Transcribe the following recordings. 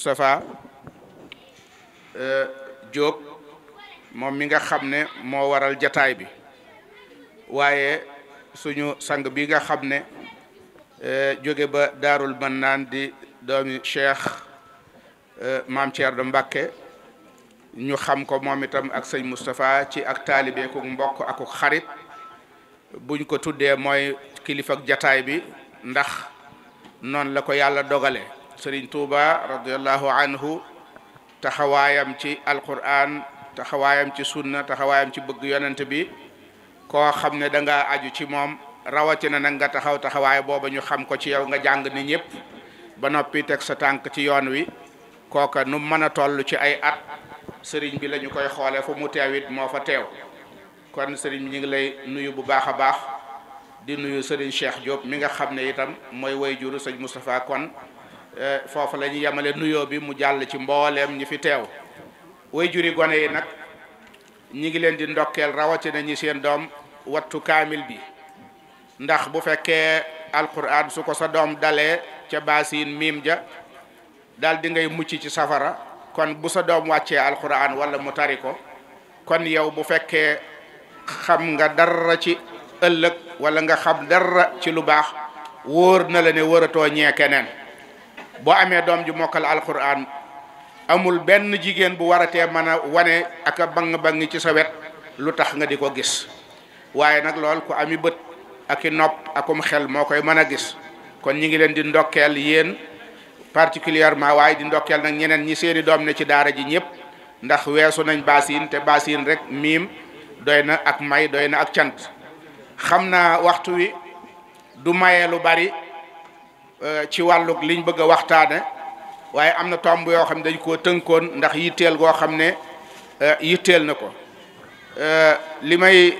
Moustapha euh, Diop moom mi nga xam ne moo waral jataay bi waaye suñu sang bi nga xam ne euh, jóge ba daarul naan di doomi cheikh euh, maam Thierno Mbacké ñu xam ko moom itam ak sëñ mustapha ci ak taalibe ku mbokk ak xarit buñ ko tuddee mooy kilifa jataay bi ndax noonu la ko yàlla dogale sëriñ tuuba radiallahu anhu taxawaayam ci alquran taxawaayam ci sunna taxawaayam ci bëgg yonent bi koo xam ne danga aju ci moom rawatina nag nga taxaw taxawaay booba ñu xam ko ci yow nga jàng ni ñëpp ba noppi teg sa tànk ci yoon wi kooka nu mën a toll ci ay at sëriñ bi lañu koy xoole fu mu teew it moo fa teew kon sëriñ bi ñu ngi lay nuyu bu baax a baax di nuyu sëriñ Cheikh Diop mi nga xam ne itam mooy way juru sëñ Moustapha kon Eh, foofu la ñu yemale nuyoo bi mu jàll ci mbooleem ñi fi teew way juri gone yi nag ñi ngi leen di ndokkeel rawatina ñi seen doom wattu kaamil bi ndax bu fekkee alquran su ko sa doom dalee ca basin miim ja daal di ngay mucc ci safara kon bu sa doom wàccee alquran wala mu tari ko kon yow bu fekkee xam nga dara ci ëllëg wala nga xam dara ci lu baax wóor na la ne wëratoo ñee keneen boo amee doom ju mokkal alquran amul benn jigéen bu waratee mën a wane ak a bang-bang ci sa lu tax nga di ko gis waaye nag lool ku ami bët aki i nopp akum xel moo koy mën a gis kon ñi ngi leen di ndokkeel yéen particulièrement waaye di ndokkeel nag ñeneen ñi seeni doom na ci daara ji ñëpp ndax weesu nañ basin te basin rek miim doy na ak may doy na ak cant xam naa waxtu wi du maye lu bari Euh, ci wàllug liñ bëgg a waxtaane waaye am na tomb yoo xam ne dañ koo tënkoon ndax yitteel goo xam ne euh, yitteel na ko euh, li may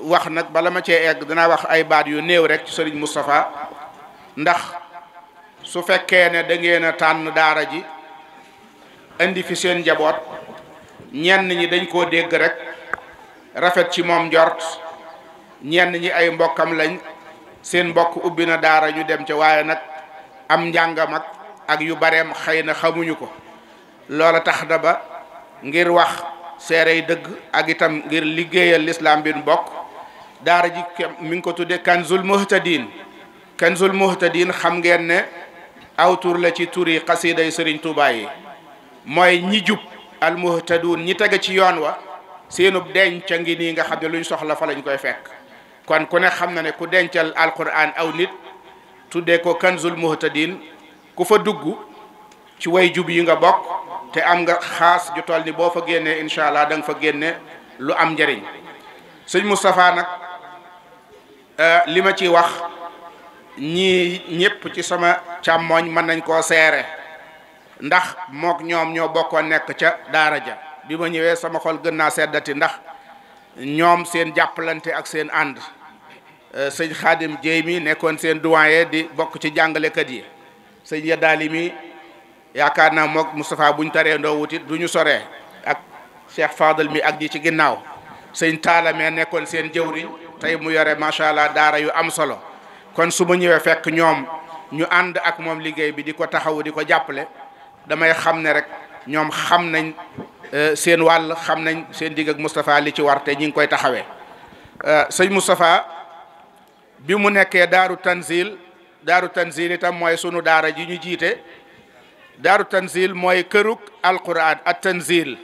wax nag bala ma cee egg danaa wax ay baat yu néew rek ci sëriñ Moustapha ndax su fekkee ne da a tànn daara ji indi fi seen njaboot ñenn ñi dañ koo dégg rek rafet ci moom njort ñenn ñi ay mbokkam lañ seen mbokk ubbi na daara ñu dem ca waaye nag am njàngam ak ak yu bareem xëy na xamuñu ko loola tax na ba ngir wax seerey dëgg ak itam ngir liggéeyal lislaam bi nu daara ji mi ngi ko tuddee kanzul muhtadin kanzul muhtadin xam ngeen ne aw tur la ci turi xasiiday sëriñ Tuubaa yi mooy ñi jub al muhtadun ñi tege ci yoon wa seenub denc a ngi nii nga xam ne luñ soxla fa lañu koy fekk kon ku ne xam na ne ku dencal alquran aw nit tuddee ko kanzul muhtadin ku fa dugg ci way jub yi nga bokk te am nga xaas ju toll ni boo fa génnee incha allah danga fa génne lu am njëriñ sëñ Moustapha nag euh, li ma ci wax ñii ñëpp ci sama càmmooñ mën nañ koo seere ndax mook ñoom ñoo bokkoo nekk ca daara ja bi ma ñëwee sama xol gën naa seddati ndax ñoom seen jàppalante ak seen ànd euh, sëñ xaadim jéy mi nekkoon seen doyen di bokk ci jàngale jàngalekat yi sëñ yaddaali mi yaakaar naa mook Moustapha buñ taree ndoo wutit du ñu soree ak Cheikh Fadal mi ak ñi ci ginnaaw sëñ taala mee nekkoon seen jëwriñ tey mu yore macha allah daara yu am solo kon su ma ñëwee fekk ñoom ñu ànd ak moom liggéey bi di ko taxawu di ko jàppale damay xam ne rek ñoom xam nañ Euh, seen wàll xam nañ seen digg ak Moustapha li ci war te ngi koy taxawee euh, sëñ Moustapha bi mu nekkee daaru tanzil daaru tanzil itam mooy sunu daara ji ñu jiite daaru tanzil mooy këruk alquran at tanzil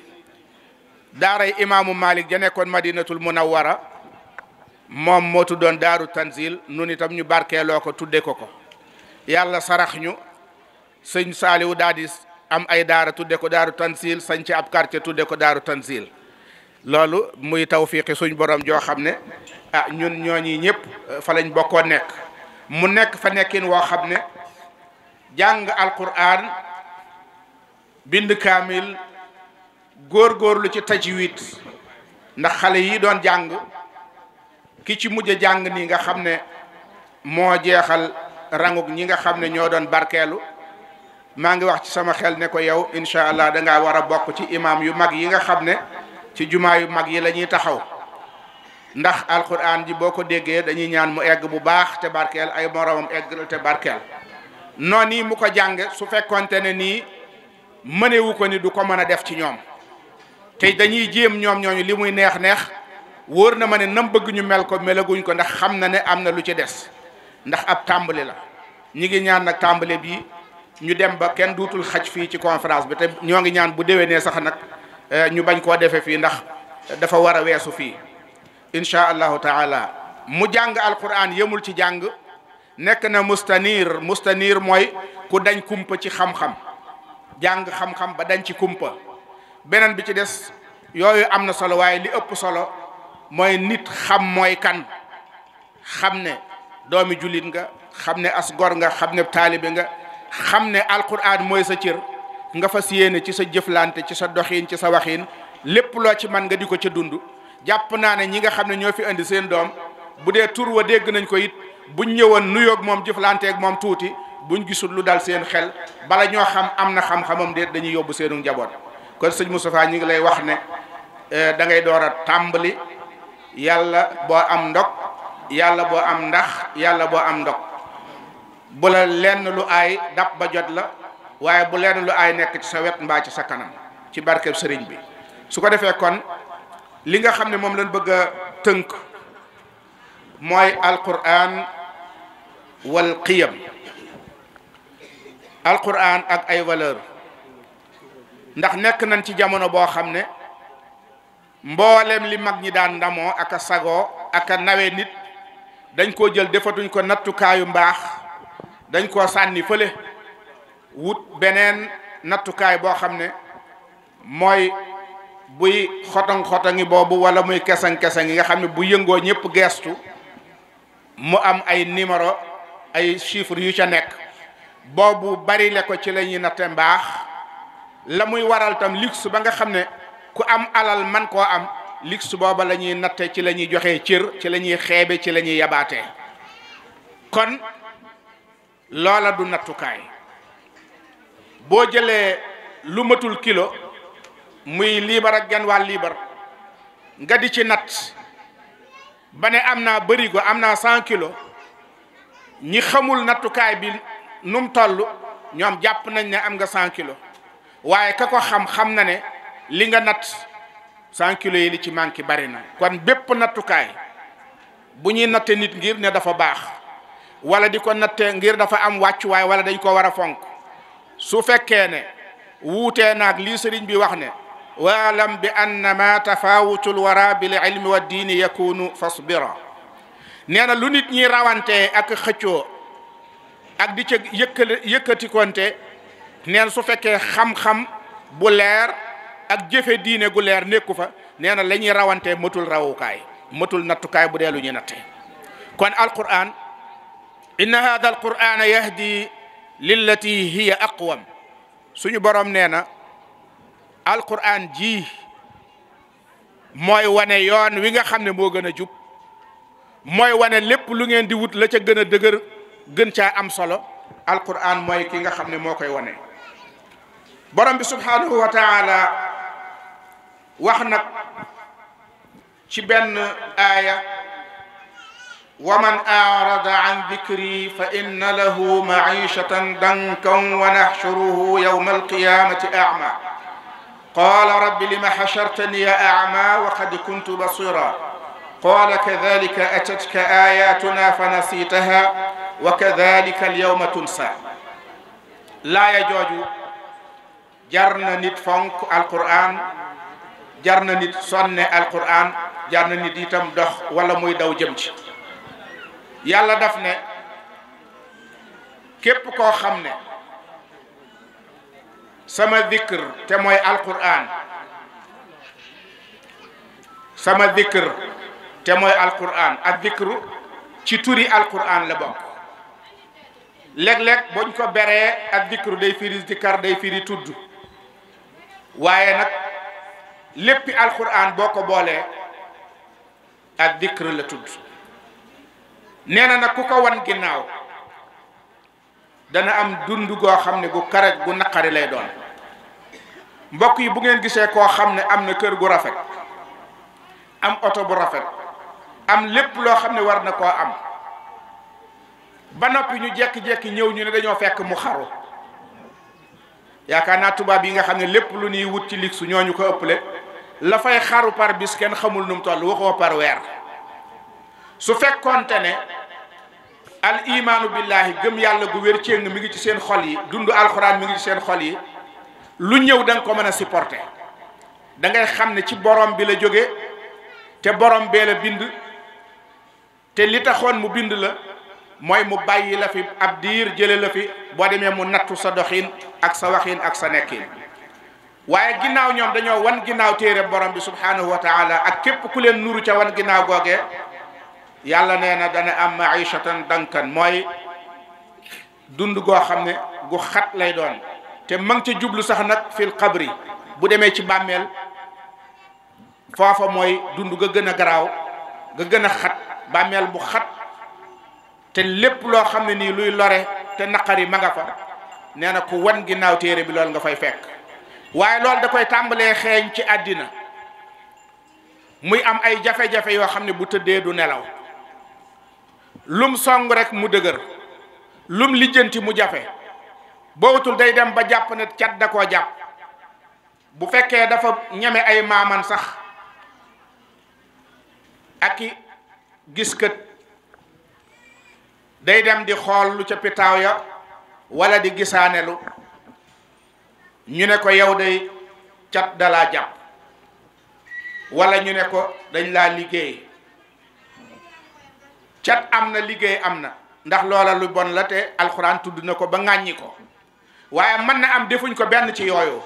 daaray imaamu Malik ja nekkoon madinatul munawwara moom mootu doon daaru tanzil nun itam ñu barkeeloo ko tudde ko ko yàlla sarax ñu sëñ saaliwu daal di am ay daara tudde ko daaru tansil sañc ab quartier tudde ko daaru tansil loolu muy tawfiqi suñ boroom joo xam ne ah ñun ñooñi ñëpp eh, fa lañ bokkoo nekk mu nekk fa nekkin woo xam ne jàng alquran bind kaamil lu ci tajwid ndax xale yi doon jàng ki ci mujj jàng nii nga xam ne moo jeexal rangug ñi nga xam ne ñoo doon barkeelu maa ngi wax ci sama xel ne ko yow incha allah dangaa war a bokk ci imam yu mag yi nga xam ne ci jumaa yu mag yi la ñuy taxaw ndax alquran ji boo ko déggee dañuy ñaan mu egg bu baax te barkeel ay moromam egg te barkeel noonu yi mu ko jàng su fekkonte ne nii mënewu ko ni du ko mën a def ci ñoom te dañuy jéem ñoom ñooñu li muy neex neex wóor na ma ne nam bëgguñu mel ko melaguñ ko ndax xam na ne am na lu ci des ndax ab tàmbali la ñi ngi ñaan nag tàmbali ñu dem ba kenn duutul xaj fii ci conférence bi te ñoo ngi ñaan bu déwénee sax nag eh, ñu bañ koo defee fii ndax dafa war a weesu fii incha allah taala mu jàng al alquran yemul ci jàng nekk na mustanir mustanir mooy ku dañ kumpa ci xam-xam jàng xam-xam ba dañ ci kumpa beneen bi ci des yooyu am na solo waaye li ëpp solo mooy nit xam mooy kan xam ne doomi jullit nga xam ne as gor nga xam ne taalibe nga xam ne alquran mooy sa cër nga fas yéene ci sa jëflante ci sa doxin ci sa waxin lépp loo ci man nga di ko ca dund jàpp naa ne ñi nga xam ne ñoo fi indi seen doom bu dee tur wa dégg nañ ko it buñ ñëwoon nuyoog moom jëflanteeg moom tuuti bu buñ gisut lu dal seen xel bala ñoo xam am na xam-xamam déet dañuy yóbbu seenu njaboot kon sëñ Moustapha ñi ngi lay wax ne eh, da ngay door a tàmbali yàlla boo am ndog yàlla boo am ndax yàlla boo am ndog bu la lenn lu aay dab ba jot la waaye bu lenn lu aay nekk ci sa wet mbaa ci sa kanam ci barkeb sëriñ bi su ko defee kon li nga xam ne moom lañ bëgg a tënk mooy alquran wal qiyam alquran ak ay valeur ndax nekk nañ ci jamono boo xam ne mboolem li mag ñi daan ndamoo ak sagoo ak nawe nit dañ ko jël defatuñ ko nattukaayu mbaax dañ koo sànni fële wut beneen nattukaay boo xam ne mooy buy xotong xotongi boobu wala muy kesang kesang yi nga xam ne bu yëngoo ñëpp geestu mu am ay numéro ay chiffres yu ca nekk boobu bari le ko ci la ñuy natte mbaax la muy waral tam luxe ba nga xam ne ku am alal man koo am luxe booba la ñuy natte ci la ñuy joxee cër ci la ñuy xeebe ci la ñuy yabaatee kon loola du nattukaay boo jëlee lu matul kilo muy liibar genn wàll liibar nga di ci natt ba ne am naa bërigo am naa cent kilo ñi xamul nattukaay bi nu mu toll ñoom jàpp nañ ne am nga cent kilo waaye ka ko xam xam na ne li nga natt cent kilo yi li ci manqué bari na kon bépp nattukaay bu ñuy natte nit ngir ne dafa baax wala di ko natte ngir dafa am wàccuwaay wala dañ ko war a fonk su fekkee ne wuute naag lii sëriñ bi wax ne waalam bi anna ma tafawutul wara bil ilmi wa diini yakunu fasbira nee na lu nit ñi rawantee ak xëccoo ak di ca yëkkale yëkkatikonte neen su fekkee xam-xam bu leer ak jëfe diine gu leer nekku fa nee na la ñuy rawantee matul rawukaay mëtul nattukaay bu dee lu ñuy natte kon alquran inna hada alqur'ana yahdi lillati hiya aqwam suñu borom nee na alqur'an ji mooy wane yoon wi nga xam ne moo gën a jub mooy wane lépp lu ngeen di wut la ca gën a dëgër gën caa am solo alqur'an mooy ki nga xam ne moo koy wane borom bi subhanahu wa taala wax nag ci benn aya ومن أعرض عن ذكري فإن له معيشة ضنكا ونحشره يوم القيامة أعمى قال رب لم حشرتني أعمى وقد كنت بصيرا قال كذلك أتتك آياتنا فنسيتها وكذلك اليوم تنسى لا يجوز جرنا نت فنك القرآن جرنا نت صن القرآن جرنا نت يتم دخ ولا ميدو جمشي yàlla daf ne képp koo xam ne sama dikr te mooy alquran sama dikr te mooy alquran ak dikru ci turi alquran la bokk léeg-léeg boñ ko beree ak dikru day firi dikar day firi tudd waaye nag léppi alquran boo ko boolee ak dikr la tudd nee na nag ku ko wan ginnaaw dana am dund goo xam ne gu kare gu naqari lay doon mbokk yi bu ngeen gisee koo xam ne am na kër gu rafet am oto bu rafet am lépp loo xam ne war na koo am ba noppi ñu jekki-jekki ñëw ñu ne dañoo fekk mu xaru yaakaar naa tubaab yi nga xam ne lépp lu ñuy wut ci lig ñoo ñu ko ëpple la fay xaru par bis kenn xamul nu mu toll waxoo par weer su fekkoonte ne al imaanu billahi gëm yàlla gu wér céng mi ngi ci seen xol yi dund alxuraan mi ngi ci seen xol yi lu ñëw danga ko mën a supporter da ngay xam ne ci borom bi la jóge te borom bee la bind te li taxoon mu bind la mooy mu bàyyi la fi ab diir jële la fi boo demee mu nattu sa doxin ak sa waxin ak sa nekkiin waaye ginnaaw ñoom dañoo wan ginnaaw téere borom bi subhanahu wa taala ak képp ku leen nuru ca wan ginnaaw googee yàlla nee na dana am ay maishatan dànkan mooy dund goo xam ne gu xat lay doon te ma ci jublu sax nag fil xabri bu demee ci bàmmeel foofa mooy dund ga gën a garaaw ga gën a xat bàmmeel bu xat te lépp loo xam ne nii luy lore te naqari ma nga nee na ku wan ginnaaw téere bi loolu nga fay fekk waaye loolu da koy tàmbalee xeeñ ci àddina muy am ay jafe-jafe yoo xam ne bu tëddee du nelaw lum song rekk mu dëgër lum lijjanti mu jafe bootul day dem ba jàpp ne cat da koo jàpp bu fekkee dafa ñeme ay maaman sax ak i gis kët day dem di xool lu ca pitaaw ya walla di gisaanelu ñu ne ko yow day cat dalaa jàpp wala ñu ne ko dañ laa liggéey cat am na liggéey am na ndax loola lu bon la te alxuraan tudd na ko ba ŋàññi ko waaye mën na am defuñ ko benn ci yooyu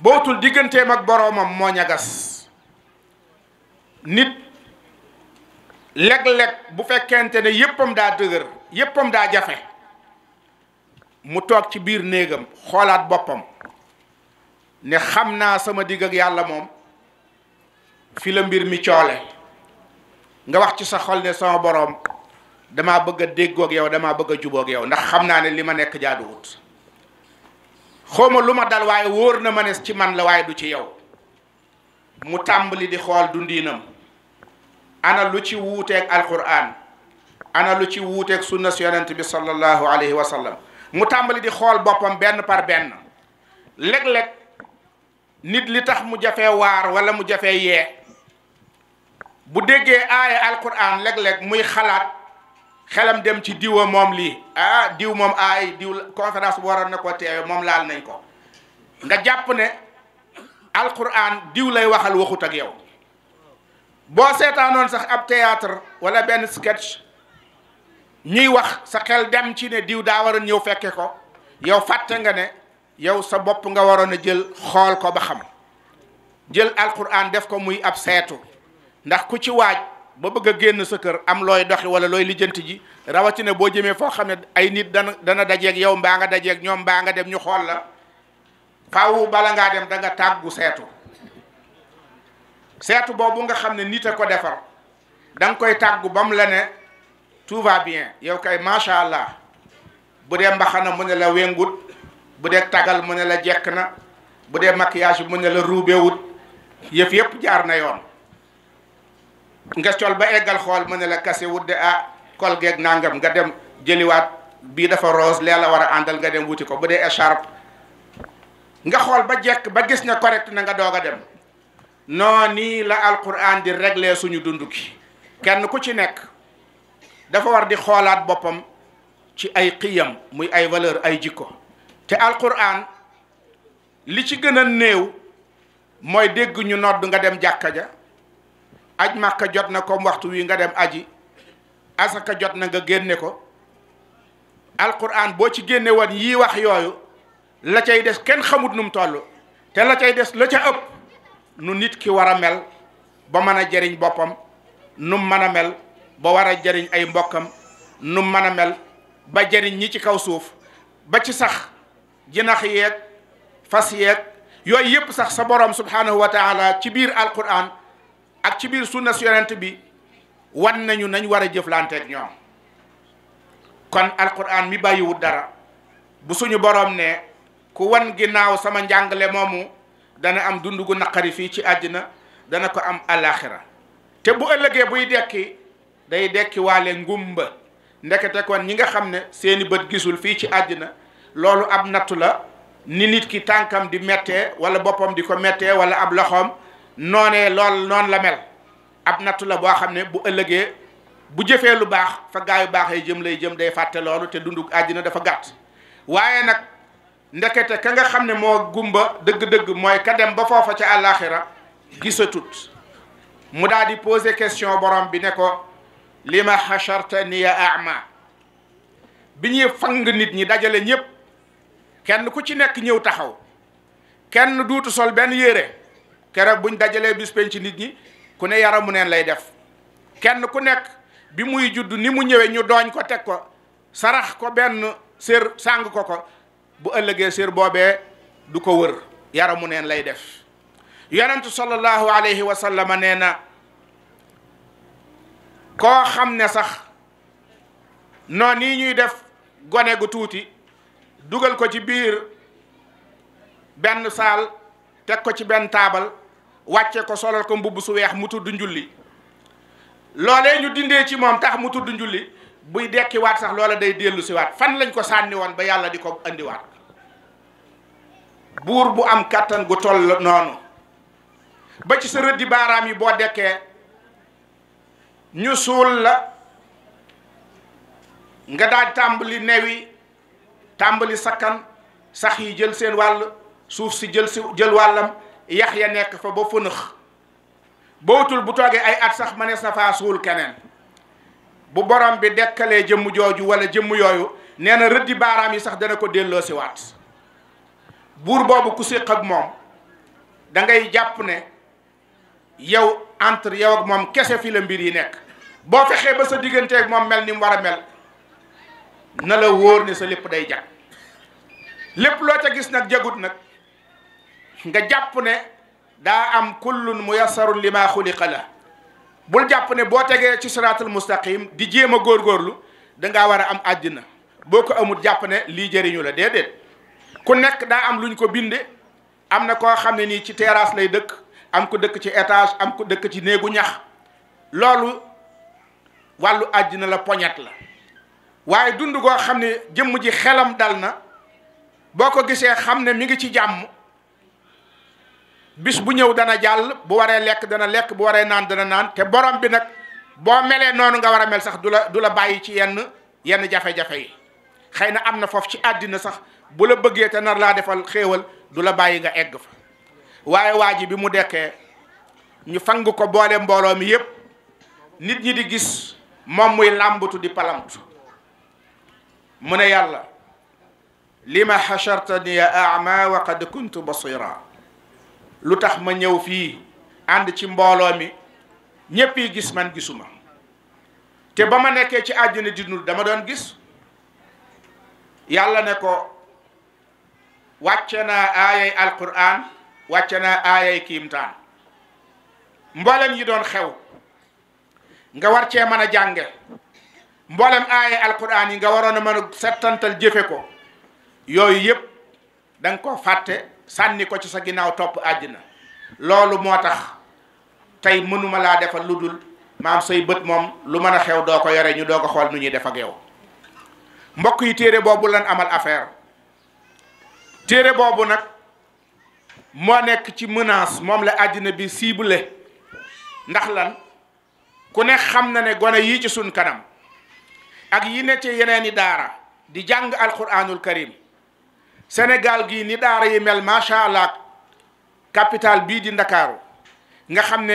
bootul digganteem ak boroomam moo ñagas nit leg-leg bu fekkente ne yéppam daa dëgër yéppam daa jafe mu toog ci biir néegam xoolaat boppam ne xam naa sama digg ak yàlla moom fi la mbir mi coole nga wax ci sa xol ne sama boroom damaa bëgg a déggoog yow damaa bëgg a jubóog yow ndax xam naa ne li ma nekk jaaduwut xawma lu ma dal waaye wóor na ma ne ci man la waaye du ci yow mu tàmbali di xool dundiinam ana lu ci wuuteeg alquran ana lu ci wuuteeg sunna si yonent bi sallallahu alayhi wa sallam mu tàmbali di xool boppam benn par benn léeg-léeg nit li tax mu jafee waar wala mu jafe yee bu déggee aaya alquran léeg-léeg muy xalaat xelam dem ci diwa moom lii ah diw moom aay diw conférence bu waroon na ko teewe moom laal nañ ko nga jàpp ne alquran diw lay waxal waxut ak yow boo seetaanoon sax ab théâtre wala benn sketch ñuy wax sa xel dem ci ne diw daa waroon ñëw fekke ko yow fàtte nga ne yow sa bopp nga waroon a jël xool ko ba xam jël alquran def ko muy ab seetu ndax ku ci waaj ba bëgg a génn sa kër am looy doxi wala looy lijjanti ji rawatina boo jëmee foo xam ne ay nit dana dana dajeeg yow mbaa nga dajeek ñoom mbaa nga dem ñu xool la faaw bala ngaa dem da nga tàggu seetu seetu boobu nga xam ne nit a ko defar da nga koy tàggu ba mu la ne tout va bien yow kay macha allah bu dee mbaxana mu ne la wengut bu dee tagal mu ne la jekk na bu dee maquillage mu ne la ruubewut yëf yëpp jaar na yoon nga col ba eggal xool mu ne la kase wudde ah kol nàngam nga dem jëliwaat bii dafa rose lee la war a àndal nga dem wuti ko bu dee écharpe nga xool ba jekk ba gis ne correct na nga doog a dem non nii la alquran di régler suñu dund ki kenn ku ci nekk dafa war di xoolaat boppam ci ay xiyam muy ay valeur ay jikko te alquran li ci gën a néew mooy dégg ñu nodd nga dem jàkka ja aj màkka jot na comme waxtu wi nga dem aji asaka jot na nga génne ko alquran boo ci génne woon yii wax yooyu la cay des kenn xamut nu mu toll te la cay des la ca ëpp nu nit ki war a mel ba mën a jariñ boppam num mën a mel ba war a jariñ ay mbokkam num mën a mel ba jariñ ñi ci kaw suuf ba ci sax jinax yeeg fas yeeg yooyu yëpp sax sa borom subhanahu wa taala ci biir alquran ak ci biir sunna su yonent bi wan nañu nañ war a jëflanteeg ñoom kon alquran mi bàyyiwul dara bu suñu boroom ne ku wan ginnaaw sama njàngale moomu dana am dund gu naqari fii ci àddina dana ko am alaxira te bu ëllëgee buy dekki day dekkiwaale ngumba ndekete kon ñi nga xam ne seeni bët gisul fii ci àddina loolu ab nattu la ni nit ki tànkam di mettee wala boppam di ko mettee wala ab loxoom noonee lool noonu la mel ab nattu la boo xam ne bu ëllëgee bu jëfee lu baax fa gaa yu baax yi jëm lay jëm day fàtte loolu te dundu àddina dafa gàtt waaye nag ndekete ka nga xam ne moo gumba dëgg-dëgg mooy ka dem ba foofa ca àllaaxira gisatut mu daal di poser question borom bi ne ko li ma xacharta ni ya ama bi ñuy fang nit ñi dajale ñëpp kenn ku ci nekk ñëw taxaw kenn duutu sol benn yére keroog buñ dajalee bis ci nit ñi ku ne yaramu neen lay def kenn ku nekk bi muy judd ni mu ñëwee ñu dooñ ko teg ko sarax ko benn sér sàng ko ko bu ëllëgee sér boobee du ko wër yaramu neen lay def yonent sallallahu alayhi wa sallama nee na koo xam ne sax noon yi ñuy def gone gu tuuti dugal ko ci biir benn saal teg ko ci benn taabal wàcce ko solal ko mbubb su weex mu tudd njulli loolee ñu dindee ci moom tax mu tudd njulli buy dekkiwaat sax loola day dellu si waat fan lañ ko sànni woon ba yàlla di ko indiwaat buur bu am kàttan gu toll noonu ba ci sa rëddi baaraam yi boo dekkee ñu suul la nga daal tàmbali newi tàmbali sakkan sax yi jël seen wàll suuf si jël si jël wàllam yax ya nekk fa ba fënëx bootul bu toogee ay at sax ma ne faa keneen bu borom bi dekkalee jëmm jooju wala jëmm yooyu nee na rëddi baaraam yi sax dana ko delloo si waat buur boobu ku séq ak moom da ngay jàpp ne yow entre yow moom kese fi la mbir yi nekk boo fexee ba sa digganteeg moom mel ni mu war a mel na la wóor ne sa lépp day jag lépp loo ca gis nag jagut nag nga jàpp ne daa am kullun muyassarun lima xuliqa la bul jàpp ne boo tegee ci siraatul mustaqim di jéem a góorgóorlu dangaa war a am àddina boo ko amul jàpp ne lii jëriñu la déedéet ku nekk daa am luñ ko binde am na koo xam ne nii ci terrasse lay dëkk am ko dëkk ci étage am ko dëkk ci néegu ñax loolu wàllu àddina la poñet la waaye dund goo xam ne jëmm ji xelam dal na boo ko gisee xam ne mi ngi ci jàmm bis bu ñëw dana jàll bu waree lekk dana lekk bu waree naan dana naan te borom bi nag boo melee noonu nga war a mel sax du la du la bàyyi ci yenn yenn jafe-jafe yi xëy na am na foofu ci àddina sax bu la bëggee te nar laa defal xéewal du la bàyyi nga egg fa waaye waa bi mu dekkee ñu fang ko boole mbooloo mi yépp nit ñi di gis moom muy làmbatu di palamtu mu ne yàlla lima xachartani ya ama wa qad kuntu basira lu tax ma ñëw fii ànd ci mbooloo mi ñépp yi gis man gisuma te ba ma nekkee ci àddina di dund dama doon gis yàlla ne ko wàcce na aayay alquran wàcce naa aayay kiimtaan mboolem yi doon xew nga war cee mën a jànge mboolem aayay alquran yi nga waroon a mën a settantal jëfe ko yooyu yëpp da ko fàtte sànni ko ci sa ginnaaw topp àddina loolu moo tax tey mënuma laa defal lu dul maam say bët moom lu mën a xew doo ko yore ñu doo ko xool nu ñuy def ak yow mbokk yi téere boobu lan amal affaire téere boobu nag moo nekk ci mënaas moom la àddina bi ciblé ndax lan ku ne xam na ne gone yii ci suñ kanam ak yi ne ci yeneen i daara di jàng alquranul karim Sénégal gii ni daara yi mel macha allah capital bii di ndakaaru nga xam ne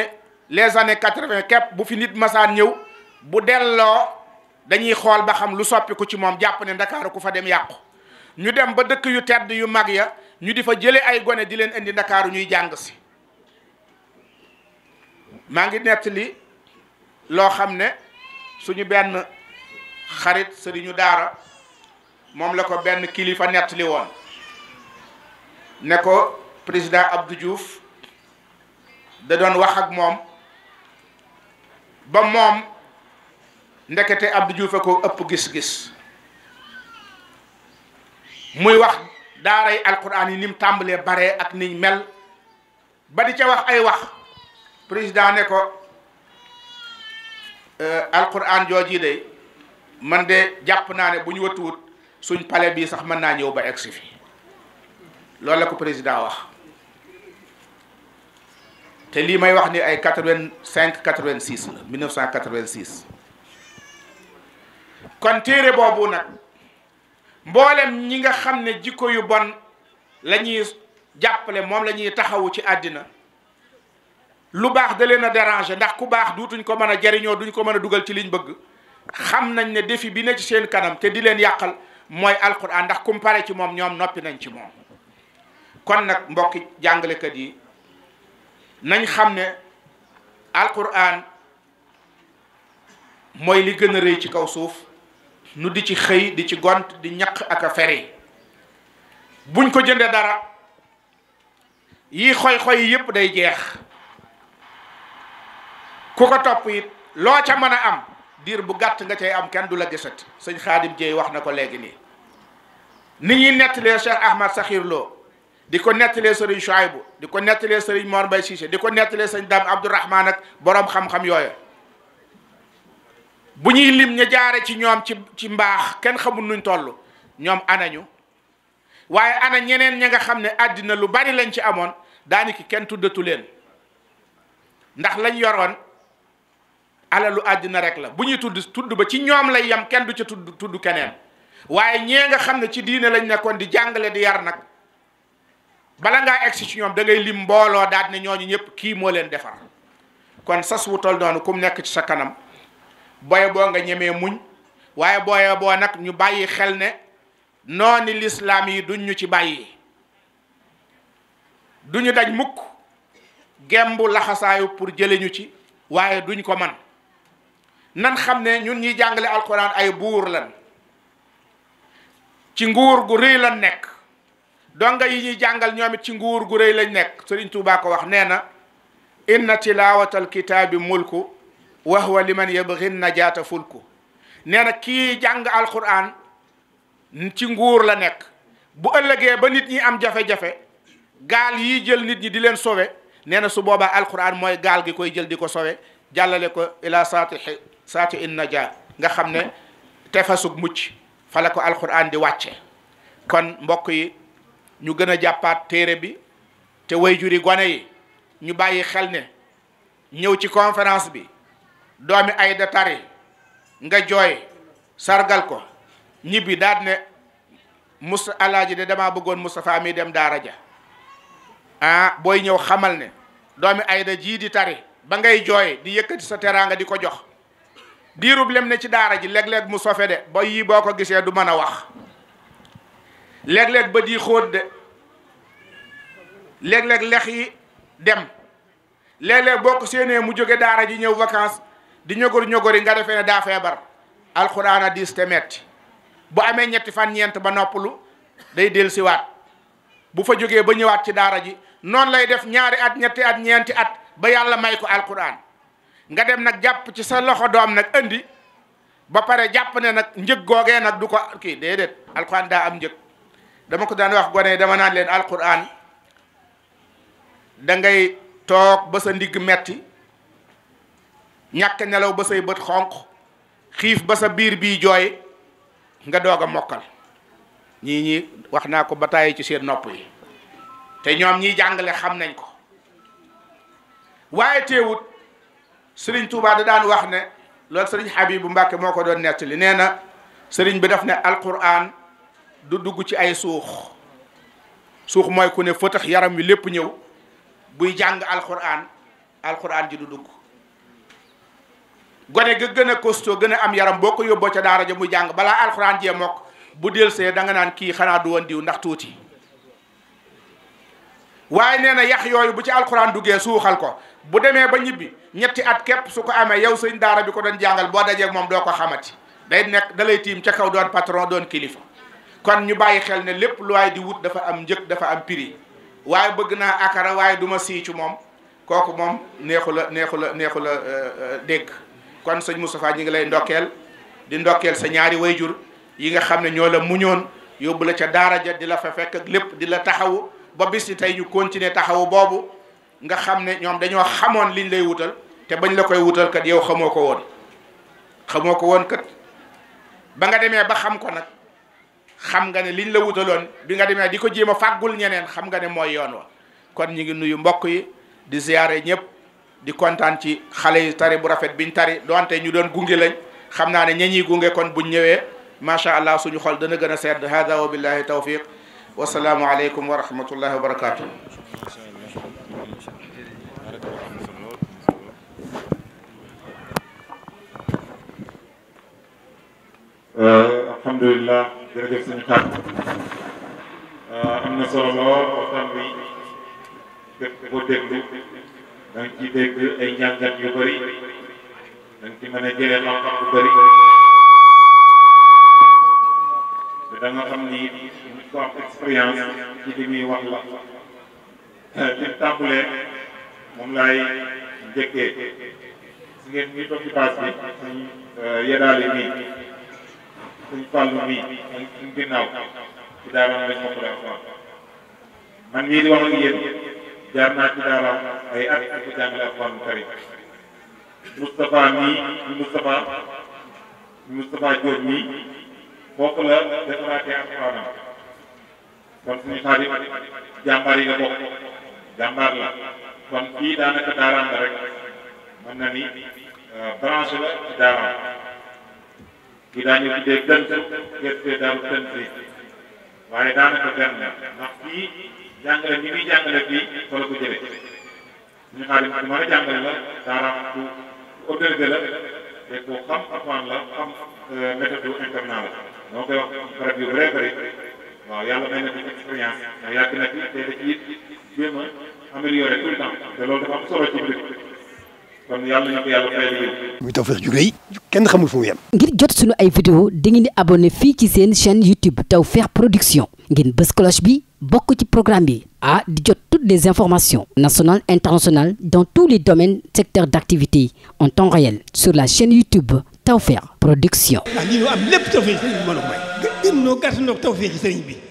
les années quatre-vingt képp bu fi nit masaan ñëw bu delloo dañuy xool ba xam lu soppi ko ci moom jàpp ne ndakaaru ku fa dem yàqu ñu dem ba dëkk yu tedd yu mag ya ñu di fa jële ay gone di leen indi ndakaaru ñuy jàng si maa ngi nettali loo xam ne suñu benn xarit sëriñu daara moom la ko benn kilifa nettali woon ne ko président Abdou Diouf da doon wax ak moom ba moom ndekete Abdou Diouf a ko ëpp gis-gis muy wax daaray alquran yi ni mu tàmbalee bare ak niñ mel ba di ca wax ay wax président ne ko euh, alquran jooji de man de jàpp naa ne bu ñu wëtuwut suñ pale bii sax mën naa ñëw ba egsi fi loolu la ko président wax te lii may wax ni ay quatre-vingt-cinq quatre-vingt-six la 1986 kon téere boobu nag mboolem ñi nga xam ne jikko yu bon la ñuy jàppale moom la ñuy taxawu ci àddina lu baax da leen a déranger ndax ku baax duutuñ ko mën a jariñoo duñ ko mën a dugal ci liñ bëgg xam nañ ne défi bi ne ci seen kanam te di leen yàqal mooy alquran ndax kum pare ci moom ñoom noppi nañ ci moom kon nag mbokki jàngalekat yi nañ xam ne alquran mooy li gën a rëy ci kaw suuf nu di ci xëy di ci gont di ñaq ak a feri buñ ko jëndee dara yii xoy-xoy yépp day jeex ku ko topp it loo ca mën a am diir bu gàtt nga cay am kenn du la gisat sëñ Xaadim Jeey wax na ko léegi nii ni ñuy nettalee Cheikh Ahmad Saxir di ko nettalee sëriñ Chouaïbou di ko nettalee sëriñ Mor Mbaye Cissé di ko nettalee sëñ Dame Abdourahman ak boroom xam-xam yooyu bu ñuy lim ñu jaare ci ñoom ci ci mbaax kenn xamul nuñ toll ñoom anañu waaye ana ñeneen ña nga xam ne àddina lu bari lañ ci amoon daani ki kenn tuddatu leen ndax lañ yoroon alalu àddina rek la bu ñuy tudd tudd ba ci ñoom lay yam kenn du ca tudd tudd keneen waaye ñee nga xam ne ci diine lañ nekkoon di jàngale di yar nag bala ngaa egsi ci ñoom da lim mbooloo daal ne ñooñu ñëpp kii moo leen defar kon sas wu tol noonu ku nekk ci sa kanam boye boo nga ñemee muñ waaye booye boo nag ñu bàyyi xel ne nooni lislaam yi duñ ñu ci bàyyi duñu daj mukk gembu laxasaayu pour jële ci waaye duñ ko man nan xam ne ñun ñuy jàngale alxuraan ay buur lan ci nguur gu rëy lan nekk donga yi jàngal ñoom ci nguur gu rëy lañ nekk Sëriñ Tuubaa ko wax nee na inna tilawata alkitaabi mulku wa huwa liman yabghi najaata fulku nee na kii jàng alquran ci nguur la nekk bu ëllëgee ba nit ñi am jafe-jafe gaal yi jël nit ñi di leen sowe nee na su boobaa alquran mooy gaal gi koy jël di ko sowe jàllale ko ila saati saati in najaa nga xam ne tefasug mucc fa la ko alquran di wàcce kon mbokk yi ñu gën a jàppaat téere bi te way juri gone yi ñu bàyyi xel ne ñëw ci conférence bi doomi Aida tari nga jooy sargal ko ñibbi daat ne Moussa Alaaji de damaa bëggoon Moustapha mi dem daara ja ah booy ñëw xamal ne doomi ayda jii di tari ba ngay jooy di yëkkati sa teraanga di ko jox diirub lem ne ci daara ji léeg-léeg mu sofe de ba yii boo ko gisee du mën a wax léeg-léeg bët yi xóot de léeg-léeg lex yi dem léeg-léeg boo ko séenee mu jóge daara ji ñëw vacances di ñogor ñogori nga defee ne daa feebar alxuraan a diis te metti bu amee ñetti fan ñeent ba lu day dellusiwaat bu fa jógee ba ñëwaat ci daara ji noonu lay def ñaari at ñetti at ñeenti at ba yàlla may ko alxuraan nga dem nag jàpp ci sa loxo doom nag indi ba pare jàpp ne nag njëg googee nag du ko kii déedéet alxuraan daa am njëg dama ko daan wax gone dama naan leen alquran da dangay toog ba sa ndigg metti ñàkk nelaw ba say bët xonq xiif ba sa biir bii jooy nga doog a mokkal ñii ñi wax naa ko ba tàyyi ci seen nopp yi te ñoom ñiy jàngale xam nañ ko waaye teewut sëriñ Touba da daan wax ne lool sëriñ Habibu Mbàkke moo ko doon nettali nee na sëriñ bi daf ne alquran du dugg ci ay suux suux mooy ku ne fa tax yaram wi lépp ñëw buy jàng alxuraan alxuraan ji du dugg gone ga gën a costaud gën a am yaram boo ko yóbboo ca daara ja muy jàng balaa alxuraan jee mokk bu delsee da nga naan kii xanaa du woon diw ndax tuuti waaye nee na yax yooyu bu ci alxuraan duggee suuxal ko bu demee ba ñibbi ñetti at képp su ko amee yow sëñ daara bi ko doon jàngal boo dajee moom doo ko xamati day nekk da lay tiim ca kaw doon patron doon kilifa. kon ñu bàyyi xel ne lépp lu waay di wut dafa am njëg dafa am piri waaye bëgg naa akara waaye duma sii moom kooku moom neexu la neexu la neexu la euh, euh, dégg kon sëñ Moustapha ñi ngi lay ndokkeel di ndokkeel sa ñaari way jur yi nga xam ne ñoo la muñoon yóbbu la ca daara ja di la fa fekk lépp di la taxawu ba bis ni tey ñu continuer taxawu boobu nga xam ne ñoom dañoo xamoon liñ lay wutal te bañ la koy wutal kat yow xamoo ko woon xamoo ko woon kat ba nga demee ba xam ko nag xam nga ne liñ la wutaloon bi nga demee di ko jéem a fàggul ñeneen xam nga ne mooy yoon wa kon ñi ngi nuyu mbokk yi di ziyaare ñëpp di kontaan ci xale yu tari bu rafet biñ tari doonte ñu doon gunge lañ xam naa ne ña ñuy gunge kon buñ ñëwee macha allah suñu xol dana gën a sedd hada wa billahi tawfiq wasalaamu aleykum wa rahmatullahi wa barakatu euh, jërëjëf suñu euh, kàddu am na solo lool waxtaan bi képp koo déglu da nga ci dégg ay njàngat yu bëri da ci mën a jëlee xam-xam bu bëri te da nga ni nit ko am expérience ci li muy wax la ci euh, tàmbalee moom laay njëkkee su ngeen ñuy toog paas bi suñ euh, yedaali nii suñ fàllu mii ak suñ ci daaraam lañ mokkale alxuraan man mii di wax ak naa ci daaraam ay at ak jàngale alxuraan karim Moustapha mii Moustapha Moustapha Diop mii foofu la defaraatee alxuraanam kon suñu xarit jàmbaar yi nga bokk jàmbaar la kon fii daanaka daaraam la rek mën na ni euh, branche la ci daaraam kii daañu tuddee gën gerte gi daal gën si waaye daanaka benn ndax kii jàngale ni muy jàngale fii fa la ko jëlee suñu xaalis bi mën a jàngale la daaraam la te ku xam la xam euh, méthode internat koy wax barab yu bëree bëri waaw yàlla may na ci expérience ndax yàgg na fi te da ciy jéem a amélioré te loolu dafa am solo ci mbir kon yàlla na ko ngir jot sunu ay vidéo dangeen di abonné fii ci seen chaîne YouTube Tawfekh Production ngeen bës cloche bi bokk ci programme bi ah di jot toutes les informations nationale internationales dans tous les domaines secteurs d'activité en temps réel sur la chaine YouTube Tawfekh Production. a may. gën gën